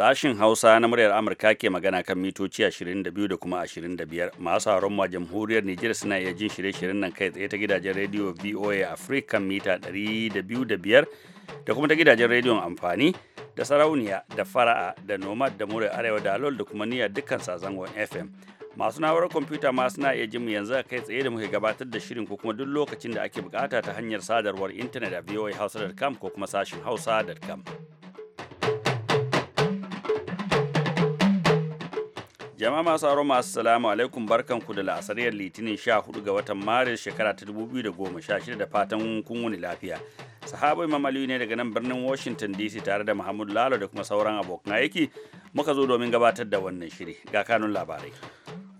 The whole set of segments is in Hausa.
Sashin Hausa na muryar Amurka ke magana kan mitoci 22 da kuma 25 masu haron ma jamhuriyar Nijar suna iya jin shirye-shiryen nan kai tsaye ta gidajen rediyo VOA Africa mita 205 da kuma ta gidajen rediyon amfani da sarauniya da fara'a da nomad da muryar arewa da alol da kuma niyyar dukkan sazangon FM. Masu na'urar kwamfuta ma suna iya jin mu yanzu a kai tsaye da muke gabatar da shirin ko kuma duk lokacin da ake bukata ta hanyar sadarwar intanet a voahausa.com ko kuma sashin hausa.com. jama'a masu aro masu salamu alaikum barkanku da la'asariyar litinin sha hudu ga watan maris shekara ta dubu biyu da goma shida da fatan kun wuni lafiya sahaba imam aliyu ne daga nan birnin washington dc tare da muhammadu lalo da kuma sauran abokan aiki muka zo domin gabatar da wannan shiri ga kanun labarai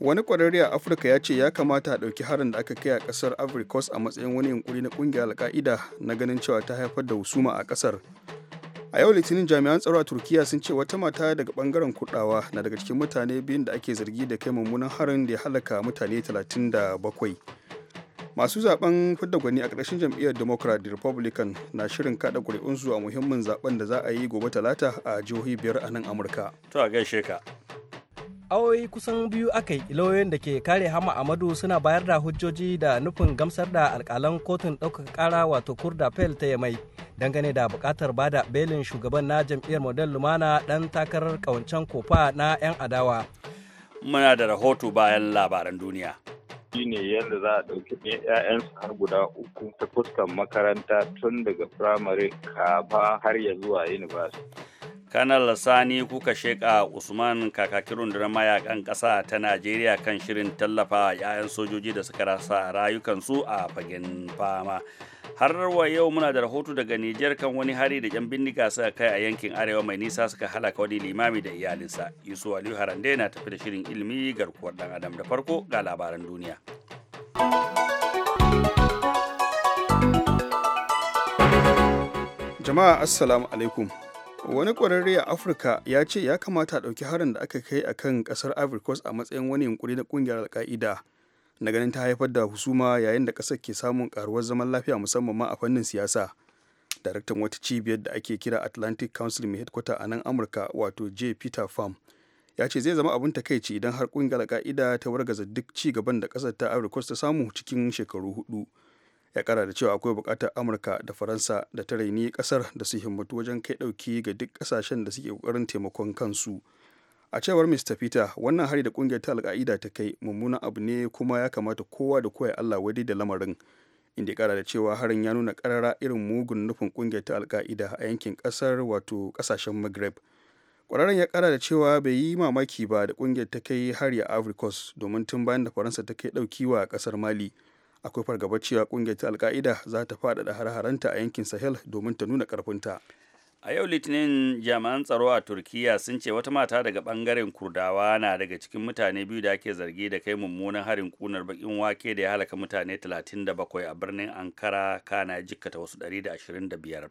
wani kwararre a afirka ya ce ya kamata a ɗauki harin da aka kai a ƙasar ivory coast a matsayin wani yunkuri na ƙungiyar al'ƙa'ida na ganin cewa ta haifar da husuma a ƙasar a yau litinin jami'an tsaro a turkiya sun ce wata mata daga bangaren kudawa na daga cikin mutane biyun da ake zargi da kai mummunan harin da ya halaka mutane 37 masu zaben fidda gwani a ƙarshen jam'iyyar democrat da republican na shirin kada ƙuri'unsu a muhimmin zaben da za a yi gobe talata a jihohi biyar a nan amurka to gaishe ka awoyi kusan biyu aka yi lauyoyin da ke kare hama amadu suna bayar da hujjoji da nufin gamsar da alkalan kotun ɗaukaka kara wato kurda fel ta yamai dangane da buƙatar bada belin shugaban na jam'iyyar model lumana dan takarar ƙawancen kofa na 'yan adawa muna da rahoto bayan labaran duniya shine yadda za a ɗauki ‘ya'yansu har guda uku ta fuskan makaranta tun daga firamare kafa har ya zuwa yunibasiti kanal sani kuka sheka usman kakakin rundunar mayakan kasa ta najeriya kan shirin tallafa 'ya'yan sojoji da suka rasa rayukansu a fagen fama har wa yau muna da rahoto daga nijar kan wani hari da yan bindiga suka kai a yankin arewa mai nisa suka halaka wani limami da iyalinsa yusu aliyu harande na tafi da shirin ilimi garkuwar dan adam da farko ga labaran duniya jama'a assalamu alaikum wani kwararre a afirka ya ce ya kamata a ɗauki harin da aka kai a kan ƙasar ivory coast a matsayin wani yunkuri na ƙungiyar alka'ida na ganin ta haifar da husuma yayin da ƙasar ke samun ƙaruwar zaman lafiya musamman ma a fannin siyasa daraktan wata cibiyar da ake kira atlantic council mai headquarter a nan amurka wato j peter farm ya ce zai zama abin takaici idan har ƙungiyar alka'ida ta wargaza duk ci gaban da ƙasar ta ivory coast ta samu cikin shekaru hudu ya kara da cewa akwai bukatar amurka da faransa da ta raini kasar da su himmatu wajen kai dauki ga duk kasashen da suke kokarin taimakon kansu a cewar mr peter wannan hari da kungiyar ta alka'ida ta kai mummunan abu ne kuma ya kamata kowa da kowa ya allah wadai da lamarin inda ya kara da cewa harin ya nuna karara irin mugun nufin kungiyar ta alka'ida a yankin kasar wato kasashen maghreb kwararren ya kara da cewa bai yi mamaki ba da kungiyar ta kai hari a africos domin tun bayan da faransa ta kai dauki wa kasar mali akwai fargabar cewa kungiyar ta alka'ida za ta faɗaɗa har-haranta a yankin sahel domin ta nuna ƙarfinta a yau litinin jami'an tsaro a turkiya sun ce wata mata daga bangaren kurdawa na daga cikin mutane biyu da ake zargi da kai mummunan harin kunar bakin wake da ya halaka mutane 37 a birnin ankara kana jikkata wasu 125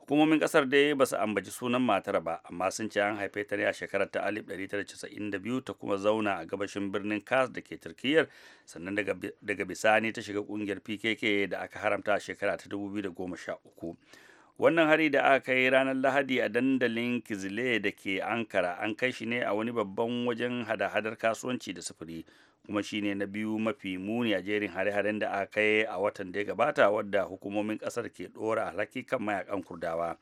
hukumomin kasar dai ba su ambaci sunan matar ba amma sun ce an haife ta ne a shekarar ta 1992 ta kuma zauna a gabashin birnin kas da ke turkiyyar sannan daga bisani ta shiga kungiyar pkk da aka haramta a shekara ta 2013 wannan hari da aka kai ranar lahadi a dandalin kizile da ke ankara an kai shi ne a wani babban wajen hada-hadar kasuwanci da sufuri kuma shine na biyu mafi muni a jerin hare-haren da aka kai a watan da ya gabata wadda hukumomin kasar ke dora alhaki kan mayakan kurdawa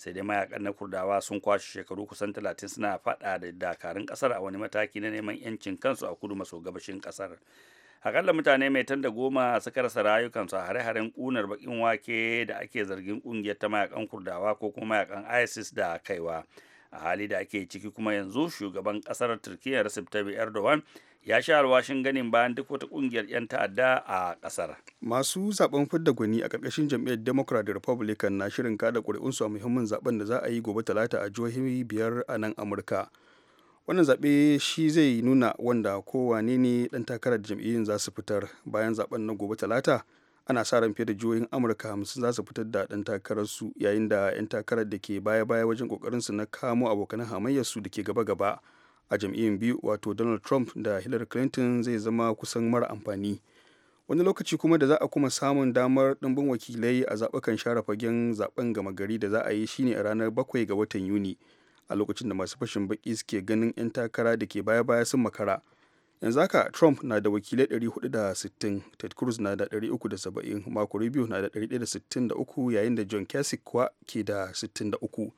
sai dai mayakan na kurdawa sun kwashe shekaru kusan talatin suna fada da dakarun kasar a wani mataki na neman yancin kansu a kudu maso gabashin kasar akalla mutane mai tan da goma suka rasa rayukansu a hare-haren kunar bakin wake da ake zargin kungiyar ta mayakan kurdawa ko kuma mayakan isis da kaiwa a hali da ake ciki kuma yanzu shugaban kasar turkiyya recep tayyip erdogan ya sha alwashin ganin bayan duk wata kungiyar 'yan ta'adda a kasar. Masu zaben fidda gwani a karkashin jam'iyyar Democrat da Republican na shirin kada kuri'unsu a muhimmin zaben da za a yi gobe talata a jihohi biyar a nan Amurka. Wannan zaɓe shi zai nuna wanda kowane ne ɗan takarar jam'iyyun za su fitar bayan zaben na gobe talata. Ana sa ran fiye da jihohin Amurka hamsin za su fitar da ɗan takararsu yayin da 'yan takarar da ke baya-baya wajen ƙoƙarinsu na kamo abokan hamayyarsu da ke gaba-gaba. a jam'iyyun biyu wato donald trump da hillary clinton zai zama kusan mara amfani wani lokaci kuma da za a kuma samun damar ɗimbin wakilai a zaɓukan share fagen zaɓen gama gari da za a yi shine a ranar 7 ga watan yuni a lokacin da masu fashin baki suke ganin 'yan takara da ke baya-baya sun makara yanzu haka trump na da wakilai 460 ted cruz na da 370 marco rubio na da 163 yayin da john kasich kuwa ke da 63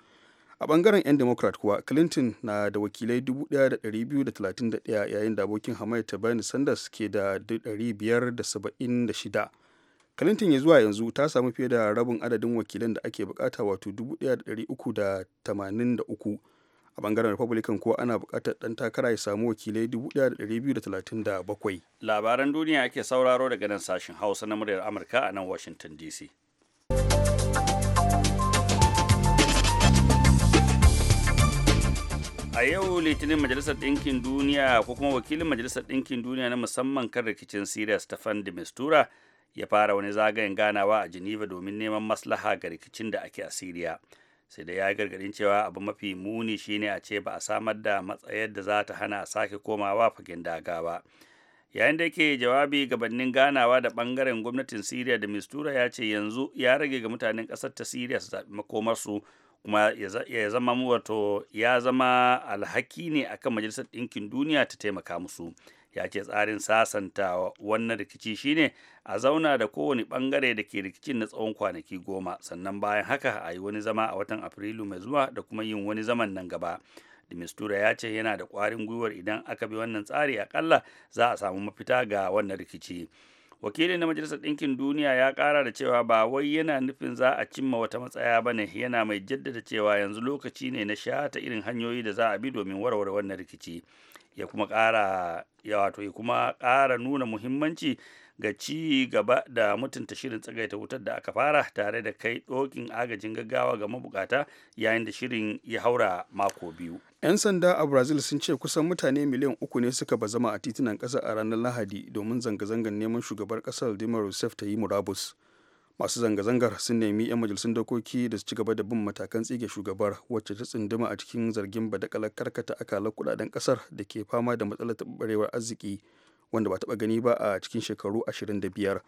a bangaren 'yan democrat kuwa clinton na da wakilai 1231 yayin da abokin hamayya ta bernie sanders ke da 576 clinton ya zuwa yanzu ta samu fiye da rabin adadin wakilan da ake bukata wato 1383 a bangaren republican kuwa ana bukatar dan takara ya samu wakilai 1237 labaran duniya ake sauraro daga nan sashen hausa na muryar amurka a nan washington dc a yau litinin majalisar ɗinkin duniya ko kuma wakilin majalisar ɗinkin duniya na musamman kan rikicin siriya stefan de mistura ya fara wani zagayen ganawa a geneva domin neman maslaha ga rikicin da ake a siriya sai da ya yi gargadin cewa abu mafi muni shine a ce ba a samar da matsayar da za ta hana a sake komawa fagen daga ba yayin da yake jawabi gabanin ganawa da bangaren gwamnatin siriya da mistura ya ce yanzu ya rage ga mutanen ƙasar ta siriya su zaɓi makomarsu kuma ya zama wato ya zama alhaki ne akan majalisar ɗinkin duniya ta taimaka musu ya ce tsarin sasanta wannan rikici shine a zauna da kowane bangare da ke rikicin na tsawon kwanaki goma sannan bayan haka a yi wani zama a watan afrilu mai zuwa da kuma yin wani zaman nan gaba Mistura ya ce yana da kwarin gwiwar idan aka bi wannan tsari akalla za a samu mafita ga wannan rikici. wakilin na majalisar ɗinkin duniya ya ƙara da cewa ba wai yana nufin za a cimma wata matsaya ba ne yana mai jaddada cewa yanzu lokaci ne na shata irin hanyoyi da za a bi domin warware wannan rikici ya kuma ƙara wato ya ƙara nuna muhimmanci ga ci gaba da mutunta shirin tsagaita wutar da aka fara tare da kai dokin agajin gaggawa ga mabukata yayin da shirin ya haura mako biyu. 'Yan sanda a Brazil sun ce kusan mutane miliyan uku ne suka ba zama a titunan ƙasa a ranar Lahadi domin zanga-zangar neman shugabar ƙasar Dilma Rousseff ta yi murabus. Masu zanga-zangar sun nemi 'yan majalisun dokoki da su ci gaba da bin matakan tsige shugabar wacce ta tsunduma a cikin zargin badakalar karkata akalar kudaden ƙasar da ke fama da matsalar taɓarewar arziki wanda ba taɓa gani ba a cikin shekaru 25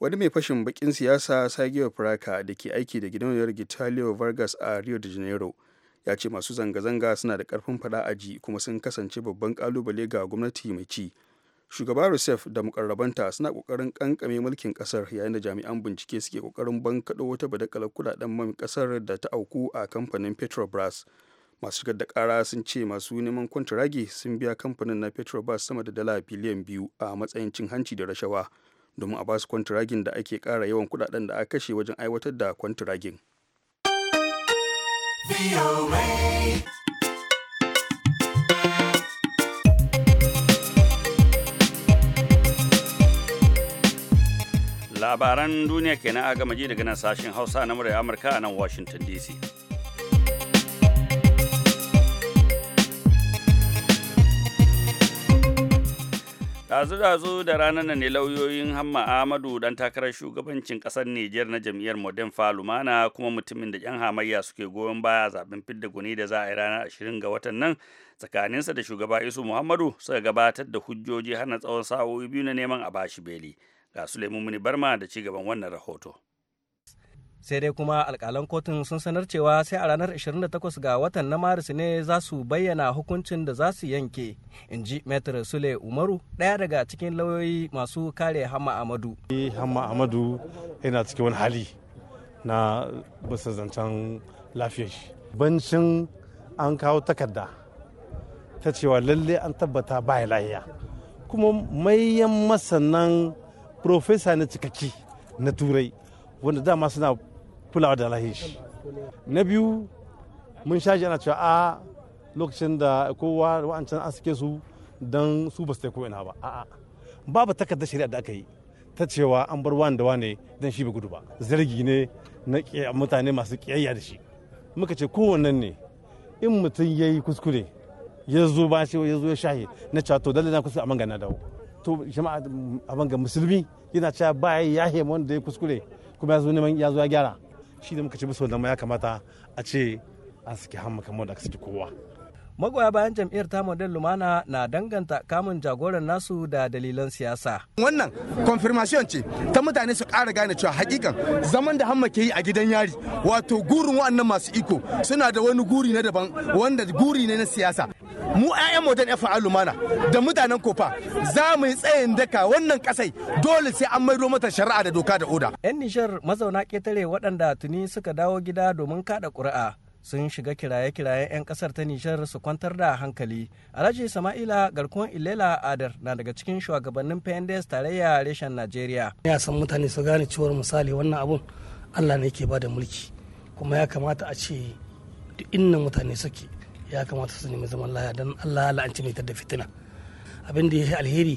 wani mai fashin bakin siyasa sergio praka da ke aiki da gidauniyar gitalio vargas a rio de janeiro ya ce masu zanga-zanga suna da karfin fada a ji kuma sun kasance babban ƙalubale ga gwamnati mai ci shugaba rusef da mukarrabanta suna ƙoƙarin ƙanƙame mulkin ƙasar yayin da jami'an bincike suke ƙoƙarin bankaɗo wata badakalar kuɗaɗen man ƙasar da ta auku a kamfanin petrobras masu shigar da kara sun ce masu neman kwantaragi sun biya kamfanin na petrobas sama da dala biliyan biyu a matsayin cin hanci da rashawa domin a basu kwantiragin da ake kara yawan kudaden da aka kashe wajen aiwatar da kwantaragin. labaran duniya kenan a gama daga nan sashen hausa na murya amurka a nan washington dc Dazu-dazu da ranar nan ne lauyoyin Hamma Ahmadu dan takarar shugabancin ƙasar Nijar na jam'iyyar Modern Falumana kuma mutumin da 'yan hamayya suke goyon baya zaben fidda guni da za a yi ranar 20 ga watan nan tsakaninsa da shugaba Isu Muhammadu suka gabatar da hujjoji hana tsawon sa'o'i biyu na neman a bashi beli. Ga Suleiman Muni Barma da ci gaban wannan rahoto. sai dai kuma alkalan kotun sun sanar cewa sai a ranar 28 ga watan na maris ne za su bayyana hukuncin da za su yanke in ji sule umaru ɗaya daga cikin lauyoyi masu kare hama amadu hama amadu yana cikin wani hali na bisa zancen lafiyar bancin an kawo takarda ta cewa lalle an tabbata baya lahiya kuma mayan masanan profesa na cikakki na turai wanda dama suna kulawa da lahin shi na biyu mun shaji ana cewa a lokacin da kowa wa'ancan an suke su don su ba su taiko ina ba a'a babu takardar shari'a da aka yi ta cewa an bar wani da wane don shi bai gudu ba zargi ne na mutane masu kiyayya da shi muka ce kowannen ne in mutum ya yi kuskure ya zo ba shi ya zo ya shahi na cewa to dalilin kusa kuskure a mangana dawo to jama'a a manga musulmi yana cewa ba ya yi wanda ya kuskure kuma ya zo neman ya zo ya gyara shi da muka ci musu wannan ya kamata a ce an saki hannu kamar da aka saki kowa magoya bayan jam'iyyar model lumana na danganta kamun jagoran nasu da dalilan siyasa wannan confirmation ce ta mutane su kara gane cewa hakikan zaman da hamma ke yi a gidan yari wato gurin wa'annan masu iko suna da wani guri na daban wanda guri ne na siyasa mu 'ya'yan modern fa lumana da mutanen kofa za mu yi tsayin daka wannan kasai dole sai an maido mata shari'a da doka da oda yan nishar mazauna ketare waɗanda tuni suka dawo gida domin kada ƙuri'a sun shiga kiraye-kirayen 'yan kasar ta nijar su kwantar da hankali alhaji sama'ila garkuwan ilela adar na daga cikin shugabannin pnds tarayya reshen najeriya ya san mutane su gane cewar misali wannan abun allah ne ke bada mulki kuma ya kamata a ce duk inna mutane suke ya kamata su nemi zaman laya don allah la'anci mai da fitina abin da ya yi alheri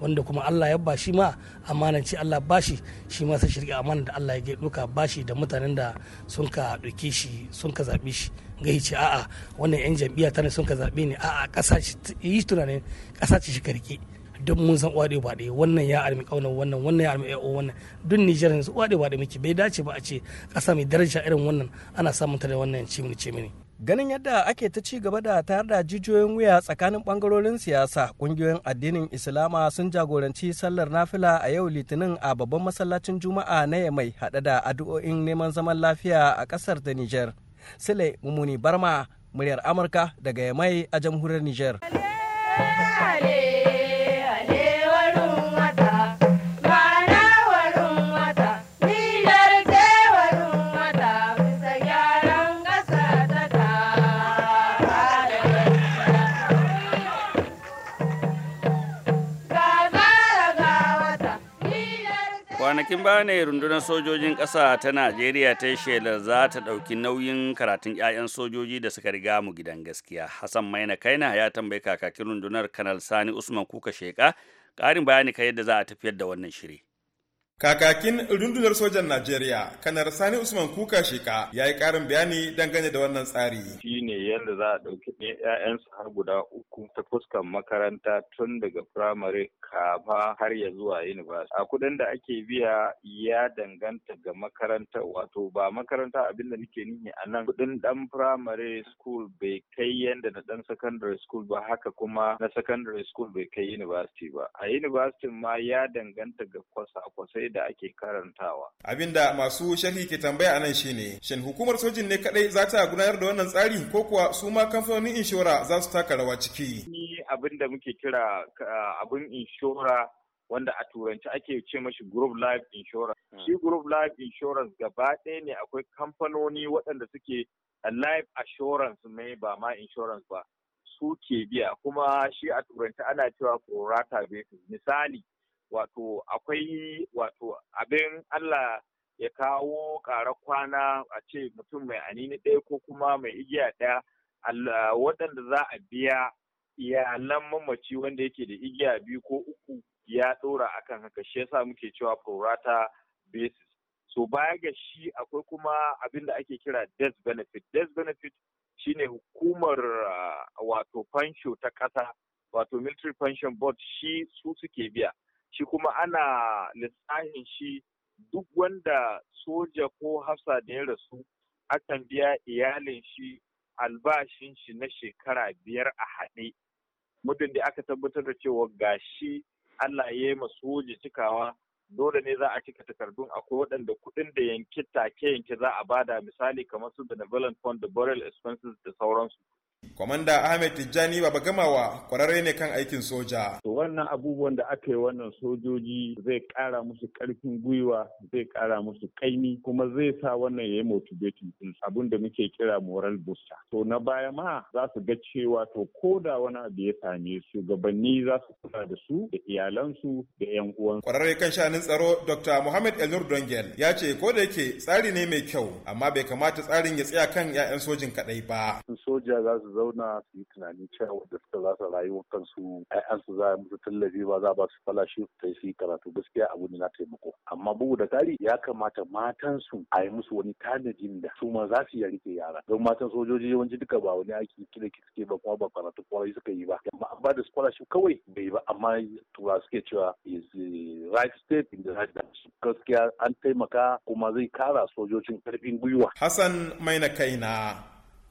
wanda kuma Allah ya ba shi ma amanan Allah ba shi shi ma sai shirka amanar da Allah ya duka ba shi da mutanen da sun ka ɗauke shi sun ka zaɓi shi gai ce a'a wannan 'yan jam'iyya ta ne sun ka zaɓe ne a'a ƙasa yi tunanin kasa ce shi karke duk mun san uwa ba ɗaya wannan ya armi ƙaunar wannan wannan ya armi ya'o wannan duk nijar yanzu su ba ɗaya muke bai dace ba a ce ƙasa mai daraja irin wannan ana samun ta da wannan ce mini ce mini. ganin yadda ake ta ci gaba da tayar da jijiyoyin wuya tsakanin bangarorin siyasa kungiyoyin addinin islama sun jagoranci sallar nafila a yau litinin a babban masallacin juma'a na yamai hada da addu'o'in neman zaman lafiya a kasar da niger sule mumuni barma muryar amurka daga yamai a jamhuriyar niger kwanakin baya rundunar sojojin ƙasa ta najeriya ta shelar za ta ɗauki nauyin karatun 'ya'yan sojoji da suka riga mu gidan gaskiya hassan maina kaina ya tambayi kakakin rundunar kanal sani usman kuka sheka ƙarin bayani kai yadda za a tafiyar da wannan shiri Kakakin rundunar sojan Najeriya, kanar Sani Usman Kuka Sheka ya yi ƙarin bayani dangane da wannan tsari. Shi ne yadda za a ɗauki ‘ya'yansu har guda uku ta fuskan makaranta tun daga firamare kama har ya zuwa yunivasiti. A kuɗin da ake biya ya danganta ga makaranta wato ba makaranta abin da nake nihi a nan kuɗin ɗan firamare school bai kai yadda na ɗan secondary school ba haka kuma na secondary school bai kai yunivasiti ba. A yunivasitin ma ya danganta ga kwasa-kwasai da ake karantawa. Abin da masu sharhi ke tambaya anan shine shin hukumar sojin ne kadai za ta gudanar da wannan tsari ko kuwa su ma kamfanonin inshora za su taka rawa ciki. Ni abin da muke kira ah, abin inshora wanda a turanci ake ce mashi group life insurance. Hmm. Shi group life insurance gaba ɗaya ne akwai kamfanoni waɗanda suke life assurance mai ba ma insurance ba. Su ke biya kuma shi a turanci ana cewa pro rata basis. Misali, wato akwai wato abin Allah ya kawo ƙara kwana a ce mutum mai anini ɗaya ko kuma mai igiya ɗaya waɗanda za a biya iyalan mamaci wanda yake da igiya biyu ko uku ya ɗora akan haka shi yasa muke cewa prorata basis so baya ga shi akwai kuma abin da ake kira death benefit death benefit shine hukumar ah, wato fansho ta ƙasa wato military pension board shi su suke biya shi kuma ana lissahin shi duk wanda soja ko hafsa da ya rasu akan biya iyalin shi albashin shi na shekara biyar a haɗe muddin da aka tabbatar da cewa gashi Allah ya yi soja cikawa dole ne za a cika takardun akwai waɗanda kuɗin da yanke take yanke za a bada misali kamar su benevolent fund da burial expenses da sauransu Kwamanda Ahmed Tijjani Baba Gamawa kwararre ne kan aikin soja. To wannan abubuwan da aka yi wannan sojoji zai kara musu ƙarfin gwiwa, zai kara musu ƙaimi, kuma zai sa wannan ya yi motivating din abin da muke kira moral booster. To na baya ma za su ga cewa to ko da wani abu ya same su gabanni za su kula da su da iyalansu da 'yan uwansu. Kwararre kan shanin tsaro Dr. Muhammad Elnur Dongel ya ce ko da yake tsari ne mai kyau amma bai kamata tsarin ya tsaya kan 'ya'yan sojin kaɗai ba. Soja za su zauna su yi tunani cewa da suka za su rayuwar kansu su za a musu tallafi ba za ba su falashi su yi su karatu gaskiya abu ne na taimako amma bugu da kari ya kamata matansu a yi musu wani tanadin da su ma za su yi rike yara don matan sojoji yawanci duka ba wani aiki ki suke ba kuma ba karatu kwarai suka yi ba amma an ba da scholarship kawai bai ba amma tura suke cewa is the right step in the right direction gaskiya an taimaka kuma zai kara sojojin karfin gwiwa hassan mai na kaina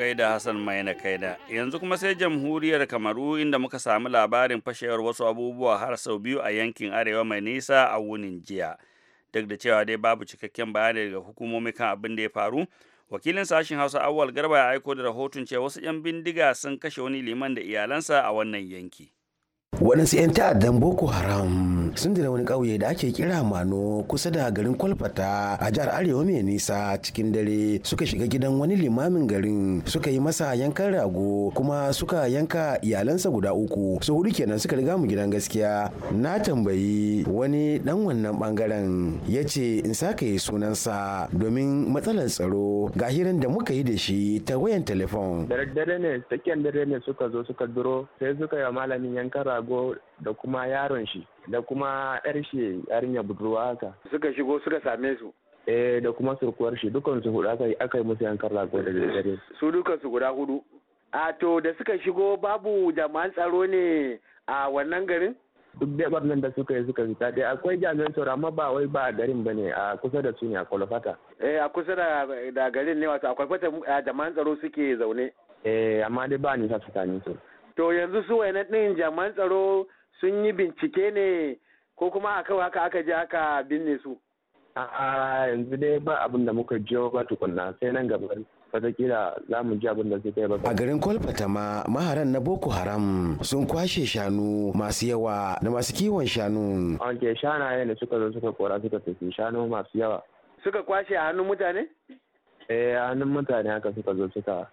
gaida Hassan Maina Kaida. Yanzu kuma sai jamhuriyar Kamaru inda muka samu labarin fashewar wasu abubuwa har sau biyu a yankin arewa mai nisa a wunin jiya. Duk da cewa dai babu cikakken bayani daga hukumomi kan abin da ya faru, wakilin sashen Hausa Awwal Garba ya aiko da rahoton cewa wasu 'yan bindiga sun kashe wani liman da iyalansa a wannan yanki. waɗansu 'yan ta'addan boko haram sun jira wani ƙauye da ake kira mano kusa da garin kwalfata a jihar arewa mai nisa cikin dare suka shiga gidan wani limamin garin suka yi masa yankan rago kuma suka yanka iyalansa guda uku su hudu kenan suka riga mu gidan gaskiya na tambayi wani dan wannan bangaren ya ce in saka yi sunansa domin matsalar tsaro ga hirin da muka yi da shi ta wayan telefon. dare ne tsakiyar dare ne suka zo suka duro sai suka yi malamin yankan shago da kuma yaron shi da kuma yar shi yarinya budurwa haka suka shigo suka same su eh da kuma surkuwar shi dukan su hudu aka yi aka yi musu yankan rago da dare su dukan su guda hudu a to da suka shigo babu jama'an tsaro ne a wannan garin duk da nan da suka yi suka fita dai akwai jami'an tsaro amma ba wai ba a garin bane a kusa da su ne a kwalfata eh a kusa da garin ne wato a fata jama'an tsaro suke zaune eh amma dai ba nisa tsakanin su to yanzu su wayanan ɗin jaman tsaro sun yi bincike ne ko kuma a kawai haka aka je aka binne su a'a yanzu dai ba abin da muka jiyo ba tukunna sai nan gaba watakila za mu ji abin da suka yi ba. A garin Kolfata ma maharan na Boko Haram sun kwashe shanu masu yawa da masu kiwon shanu. Anke shanaye ne suka zo suka kora suka tafi shanu masu yawa. Suka kwashe a hannun mutane? Eh a hannun mutane haka suka zo suka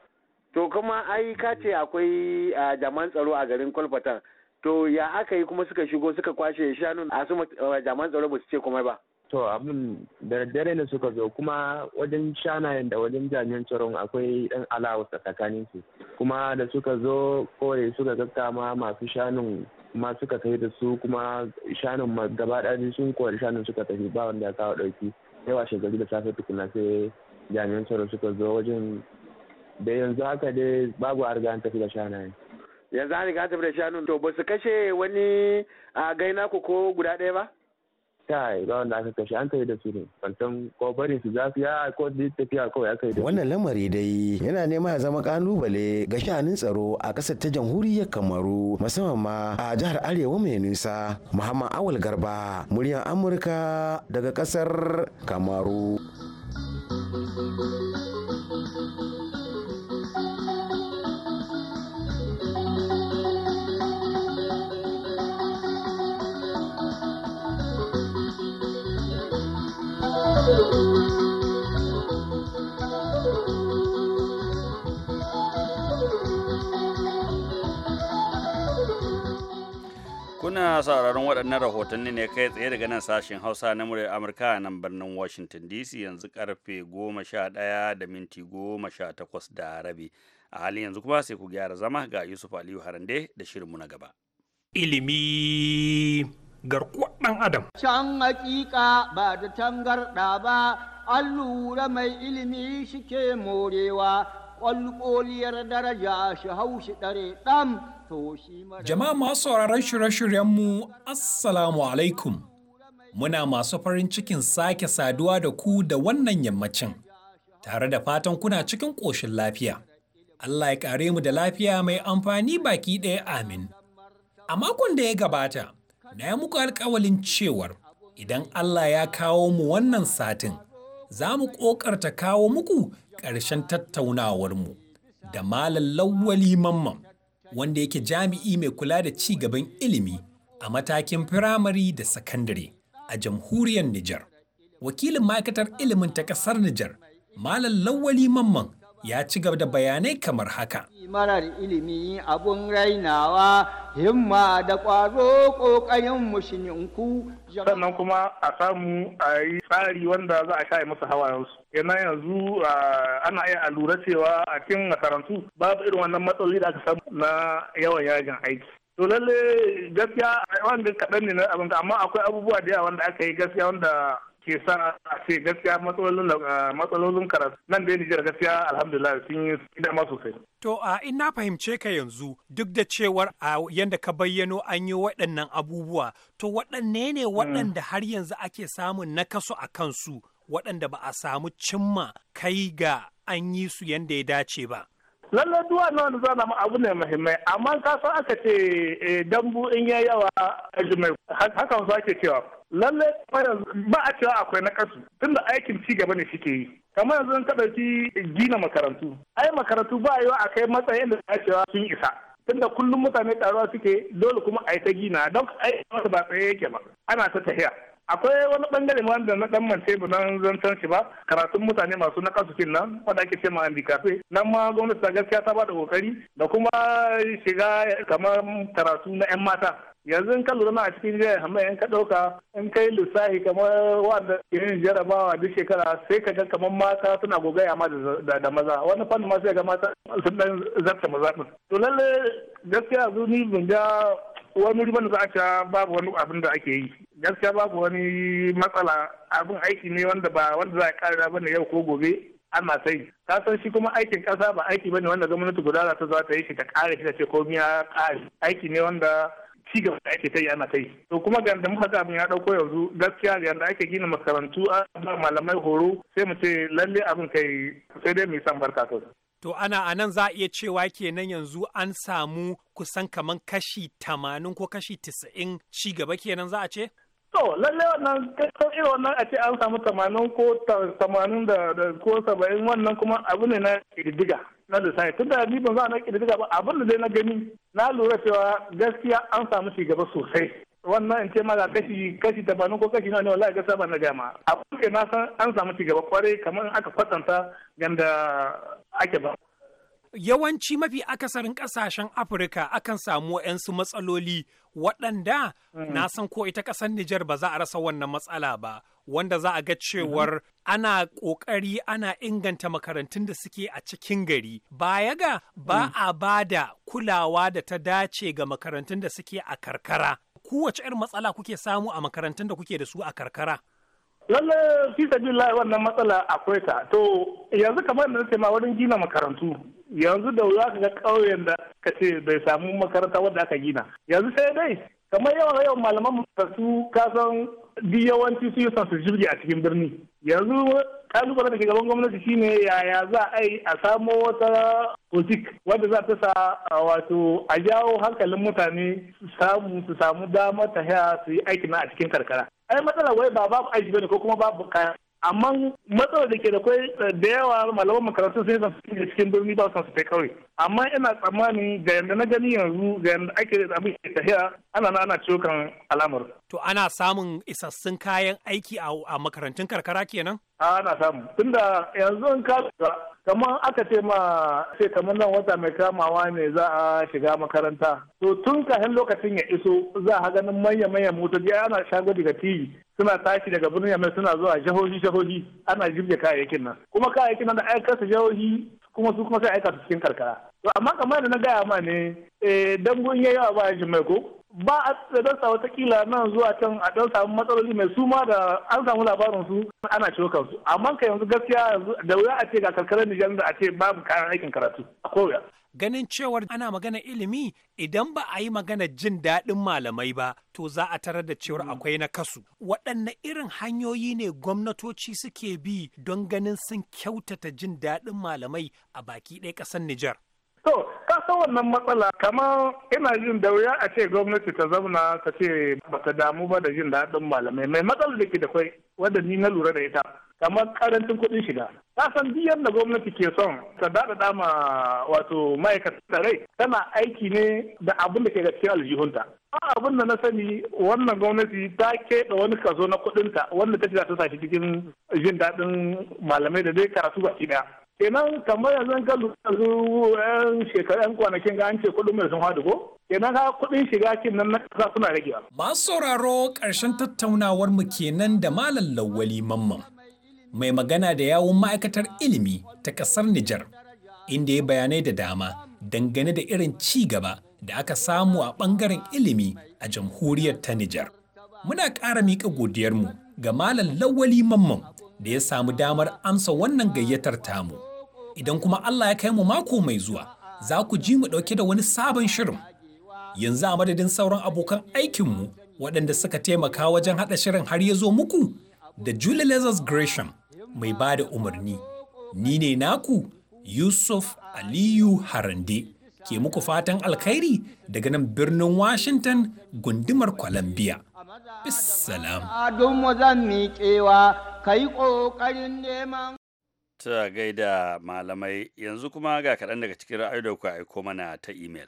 to kuma ai ka ce akwai jaman tsaro a garin kwalfatan to ya aka yi kuma suka shigo suka kwashe shanun a su jaman tsaro ba su ce komai ba to abin da dare ne suka zo kuma wajen shanayen da wajen jami'an tsaron akwai dan alawus a tsakanin su kuma da suka zo kawai suka ma masu shanun ma suka kai da su kuma shanun gaba ɗaya sun kowar shanun suka tafi ba wanda ya kawo ɗauki yawa shekaru da safe tukuna sai jami'an tsaro suka zo wajen da yanzu haka dai babu a riga an tafi da shanaye yanzu an riga an tafi da shanu to ba su kashe wani a gaina ku ko guda ɗaya ba yi ba wanda aka kashe an tafi da su ne Fantan ko bari su za su ya ko tafiya kawai aka yi da wannan lamari dai yana nema ya zama kalubale ga shanun tsaro a ƙasar ta jamhuriyar kamaru musamman ma a jihar arewa mai nisa muhammad awal garba muryar amurka daga ƙasar kamaru thank you kuna sauraron waɗannan rahotanni ne kai tsaye daga nan sashen hausa na muryar amurka a nan birnin washington dc yanzu karfe goma da minti goma sha da rabi a halin yanzu kuma sai ku gyara zama ga yusuf aliyu harande da shirinmu na gaba ilimi garkuwar ɗan adam can hakika ba da tangarɗa ba an lura mai ilimi shike morewa ƙwalƙoliyar daraja shi haushi ɗare ɗan to Jama'a masu sauraron shirye-shiryenmu, Assalamu alaikum. Muna masu farin cikin sake saduwa da ku da wannan yammacin, tare da fatan kuna cikin ƙoshin lafiya. Allah ya ƙare mu da lafiya mai amfani baki ɗaya amin. A makon da ya gabata, na yi muku alkawalin cewar idan Allah ya kawo mu wannan satin, za mu ƙoƙarta kawo muku ƙarshen tattaunawarmu da Malam Lawwali Mamman wanda yake jami'i mai kula da ci gaban ilimi a matakin firamare da sakandare a jamhuriyar Nijar. Wakilin ma'aikatar ilimin ta ƙasar Nijar, Malam Lawwali Mamman ya ci gaba da bayanai kamar haka. Marar ilimi abun rainawa, himma da ƙwaro ƙoƙarin mushininku sannan kuma a samu a yi tsari wanda za a shaye musu hawayensu yana yanzu ana iya al'ura cewa a cikin makarantu babu irin wannan matsaloli da aka samu na yawan yajin aiki to lalle gaskiya wanda kaɗan ne na abinka amma akwai abubuwa da yawa wanda aka yi gaskiya wanda ke sa a ce gaskiya matsalolin karatu nan da Nijar gaskiya alhamdulillah sun yi dama sosai. To a in fahimce ka yanzu duk da cewar a yadda ka bayyano an yi waɗannan abubuwa to waɗanne ne mm. waɗanda har yanzu ake samun nakasu a kansu waɗanda ba a samu cimma kai ga an yi su yadda ya dace ba. lallai duwa na wani zana ma abu ne muhimmai amma ka aka ce eh, dambu in ya yawa Haka wasu ake cewa lallai ba a cewa akwai na kasu tunda aikin ci gaba ne suke yi kamar yanzu ka gina makarantu ai makarantu ba a yi wa a kai matsayin da a cewa sun isa tunda kullum mutane taruwa suke dole kuma a yi ta gina don aiki ba tsaye yake ba ana ta tafiya. akwai wani bangare ma da na dan mance ba nan zantan shi ba karatun mutane masu na kasufin nan wanda ake ce ma handicapé nan ma gwamnati ta gaskiya ta bada kokari da kuma shiga kamar karatu na yan mata yanzu in ka lura na a cikin jiya amma in ka dauka in kai lissafi kamar wanda yin jarabawa duk shekara sai ka ga kamar mata suna gogaya ma da maza wani fannin ma sai ga mata sun dan zarta maza to lalle gaskiya zu ni ga wani ruban da za a sha babu wani abin da ake yi gaskiya babu wani matsala abin aiki ne wanda ba wanda za a karara ba ne yau ko gobe ana sai ka san shi kuma aikin kasa ba aiki bane wanda gwamnati guda za ta zo ta yi shi ta kare shi ta ce komai ya kare aiki ne wanda ci gaba da ake ta yi ana ta to kuma ga da muka ga abin ya dauko yanzu gaskiya yanda ake gina makarantu a ba malamai horo sai mu ce lalle abin kai sai dai mu yi san barka sosai To ana nan za a iya cewa kenan yanzu an samu kusan kaman kashi tamanin ko kashi tisa'in ci gaba kenan za a ce? To lalle wannan wannan a ce an samu tamanin ko tamanin da ko saba'in wannan kuma abu ne na ƙididdiga na lissafi tun da ni ban za na ƙididdiga ba abin da dai na gani na lura cewa gaskiya an samu ci gaba sosai wannan in ce maka kashi kashi tabanin ko kashi na ne wallahi ga ban na gama a kuke na san an samu ci gaba kwarai kamar aka kwatanta ganda ake ba yawanci mafi akasarin kasashen afirka akan samu 'yansu matsaloli waɗanda mm. na san ko ita ƙasar nijar ba za a rasa wannan matsala ba wanda za a ga mm-hmm. cewar ana ƙoƙari ana inganta makarantun da suke a cikin gari baya ga ba mm. a ba da kulawa da ta dace ga makarantun da suke a karkara kowace irin matsala kuke samu a makarantun da kuke da su a karkara lalle fi sabilillah wannan matsala akwai ta to yanzu kamar da nake ma wurin gina makarantu yanzu da za ka ga ƙauyen da ka ce bai samu makaranta wadda aka gina yanzu sai dai kamar yawan yawan malaman da su kasan duk yawanci su yi su jirgi a cikin birni yanzu kalubalen da ke gaban gwamnati shine yaya za a yi a samo wata politik wadda za ta sa wato a jawo hankalin mutane su samu su samu damar ta haya su yi aikin a cikin karkara ai matsala wai ba babu aiki bane ko kuma babu kaya amma matsalar da ke da da yawa malaman makarantu sun yi cikin birni ba su kai kawai. amma ina tsammani ga yadda na gani yanzu ga yadda ake abin ke tafiya ana na ana cokan al'amar. To ana samun isassun kayan aiki a makarantun karkara kenan? Ana samu. Tunda yanzu in ka kamar aka ce ma ce kamar nan wata mai kamawa ne za a shiga makaranta. To tun kafin lokacin ya iso za a ganin manya-manyan motoci ana shago daga tiyi suna tashi daga birnin yamma suna zuwa jihohi-jihohi ana jirge kayayyakin nan. Kuma kayayyakin nan da aikata jihohi kuma su kuma sai aikata cikin karkara. to amma kamar da na gaya ma ne eh, dangon ya yawa baya bayan jimai ko ba a tsadarsa watakila nan zuwa can a ɗan samu matsaloli mai suma da an samu labarin su ana ciwo kansu amma ka yanzu gaskiya da wuya a ce ga karkarar Nijar da a ce babu kayan aikin karatu a koya. Ganin cewar ana magana ilimi idan ba a yi magana jin daɗin malamai ba to za a tarar da cewar mm. akwai na kasu. Waɗanne irin hanyoyi ne gwamnatoci suke bi don ganin sun kyautata jin daɗin malamai a baki ɗaya ƙasar Nijar? To, ka san wannan matsala kamar ina jin da wuya a ce gwamnati ta zauna ta ce ba ta damu ba da jin daɗin malamai mai matsalar da ke da kwai wadda ni na lura da ita kamar karancin kuɗin shiga. Ka san biyan da gwamnati ke son ta daɗa dama wato ma'aikata rai tana aiki ne da abin da ke da cikin aljihunta. abin da na sani wannan gwamnati ta keɓe wani kaso na kuɗinta wanda ta ce ta sa cikin jin daɗin malamai da dai karatu baki ɗaya. kenan kamar yanzu ka yanzu yan shekaran kwanakin ga an ce kuɗin mai sun hadu ko kenan ka kuɗin shiga kin nan na kasa suna ragewa. masu sauraro ƙarshen tattaunawar mu kenan da malam lawali mamman mai magana da yawun ma'aikatar ilimi ta ƙasar Nijar inda ya bayanai da dama dangane da irin ci gaba da aka samu a ɓangaren ilimi a jamhuriyar ta Nijar. Muna ƙara miƙa godiyarmu ga malam lawali mamman da ya samu damar amsa wannan gayyatar tamu. Idan kuma Allah ya kai mu mako mai zuwa, za ku ji mu ɗauke da wani sabon shirin. Yanzu a madadin sauran abokan aikinmu waɗanda suka taimaka wajen haɗa shirin har ya zo muku da Julie Lazarus Gresham mai ba da umarni. Ni ne naku Yusuf Aliyu Harande ke muku fatan alkhairi daga nan birnin Washington gundumar Columbia. Bissalam. kai ƙoƙarin neman ta gaida malamai yanzu kuma ga kaɗan daga cikin ra'ayi da ku aiko mana ta imel.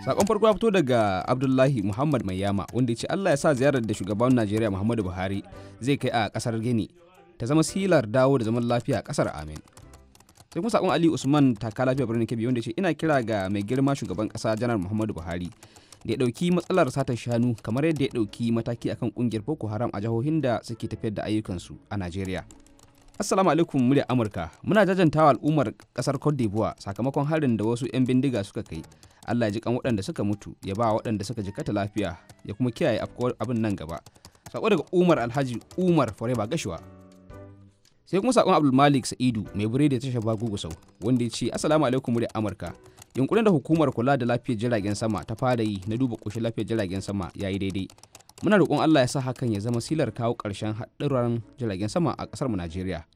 Sakon farko ya fito daga Abdullahi Muhammad yama wanda ya ce Allah ya sa ziyarar da shugaban Najeriya Muhammadu Buhari zai kai a kasar Gini ta zama silar dawo da zaman lafiya a kasar Amin. Sai kuma sakon Ali Usman taka birnin Kebbi wanda ya ce ina kira ga mai girma shugaban kasa janar Muhammadu Buhari da ya ɗauki matsalar satar shanu kamar yadda ya ɗauki mataki akan ƙungiyar boko haram a jihohin da suke tafiyar da ayyukansu a najeriya assalamu alaikum murya amurka muna jajantawa al'ummar ƙasar cote d'ivoire sakamakon harin da wasu 'yan bindiga suka kai allah ya jikan waɗanda suka mutu ya ba waɗanda suka jikata lafiya ya kuma kiyaye abin nan gaba sako daga umar alhaji umar forever gashuwa sai kuma sakon abdul sa'idu mai biredi tashar gugu sau wanda ya ce assalamu alaikum da amurka yunkurin da hukumar kula da lafiyar jiragen sama ta fara yi na duba koshin lafiyar jiragen sama ya yi daidai muna roƙon allah ya sa hakan ya zama silar kawo ƙarshen haɗarwaran jiragen sama a ƙasar mu najeriya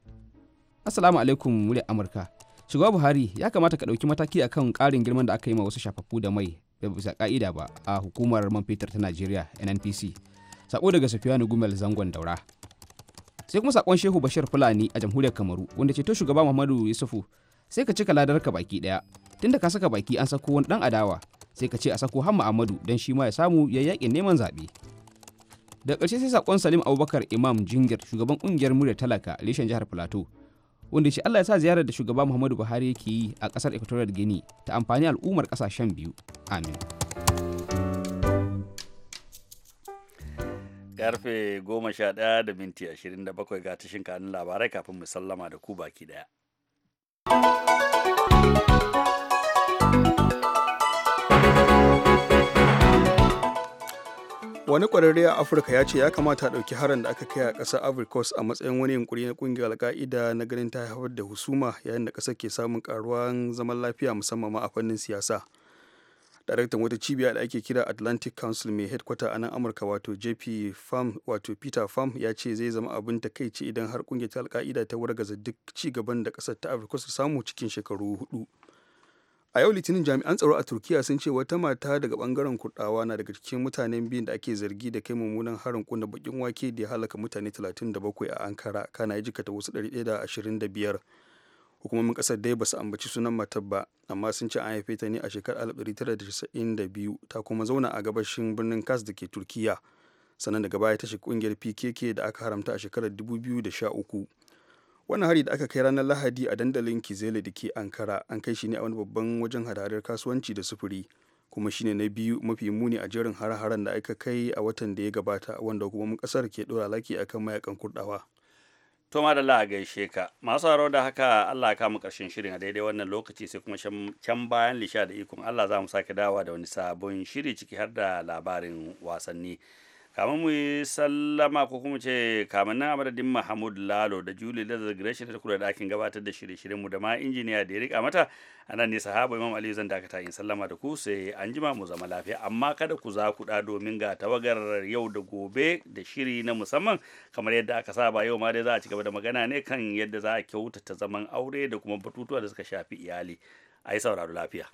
assalamu alaikum murya amurka shugaba buhari ya kamata ka ɗauki mataki akan ƙarin girman da aka yi ma wasu shafaffu da mai da bisa ƙa'ida ba a hukumar man fetur ta najeriya nnpc sako daga sufiyanu gumel zangon daura sai kuma sakon shehu bashir fulani a jamhuriyar kamaru wanda to shugaba muhammadu yusufu sai ka cika ka baki daya tunda ka saka baki an sako wani dan adawa sai ka ce a sako hamma amadu don shi ma ya samu ya yakin neman zaɓe da ƙarshe sai sakon salim abubakar imam jingir shugaban ƙungiyar murya talaka reshen jihar plateau wanda ce allah ya sa ziyarar da shugaba muhammadu buhari yake yi a ƙasar equatorial guinea ta amfani al'ummar ƙasashen biyu amin Karfe goma sha ɗaya da minti ashirin da bakwai ga tashin kanin labarai kafin mu sallama da ku baki ɗaya. wani kwararre a afirka ya ce ya kamata a ɗauki harin da aka kai a ƙasar ivory coast a matsayin wani yunkuri na ƙungiyar alka'ida na ganin ta haifar da husuma yayin da ƙasar ke samun ƙaruwan zaman lafiya musamman ma a fannin siyasa daraktan wata cibiya da ake kira atlantic council mai headquarter a nan amurka wato jp farm wato peter farm ya ce zai zama abin ta kai ce idan har kungiyar ta alka'ida ta wargaza duk ci gaban da kasar ta afirka su samu cikin shekaru hudu a yau litinin jami'an tsaro a turkiya sun ce wata mata daga bangaren kurdawa na daga cikin mutanen biyun da ake zargi da kai mummunan harin kunna bakin wake da ya halaka mutane 37 a ankara kana ya jikata wasu 125 hukumomin kasar dai ba basu ambaci sunan matar ba amma sun ci an haife ta ne a shekarar 1992 ta kuma zauna a gabashin birnin kas da ke turkiya sannan daga baya ta shiga kungiyar pkk da aka haramta a shekarar 2013 wannan hari da aka kai ranar lahadi a dandalin kizele da ke ankara an kai shi ne a wani babban wajen hadarar kasuwanci da sufuri kuma shine na biyu mafi muni a jerin har haren da aka kai a watan da ya gabata wanda hukumomin kasar ke dora laki akan mayakan kurdawa To ma da gaishe ka. Masu haro da haka Allah ka mu karshen shirin a daidai wannan lokaci sai kuma can bayan lisha da ikon Allah za mu sake dawa da wani sabon shiri ciki har da labarin wasanni. kamar mu yi sallama ko kuma ce kamar nan madadin Mahmud Lalo da Julie Lazar Gresham ta kula da akin gabatar da shirye-shiryen mu da ma injiniya da ya rika mata anan ne sahaba Imam Ali zan dakata in sallama da ku sai an jima mu zama lafiya amma kada ku za ku da domin ga tawagar yau da gobe da shiri na musamman kamar yadda aka saba yau ma dai za a ci gaba da magana ne kan yadda za a kyautata zaman aure da kuma batutuwa da suka shafi iyali a yi sauraro lafiya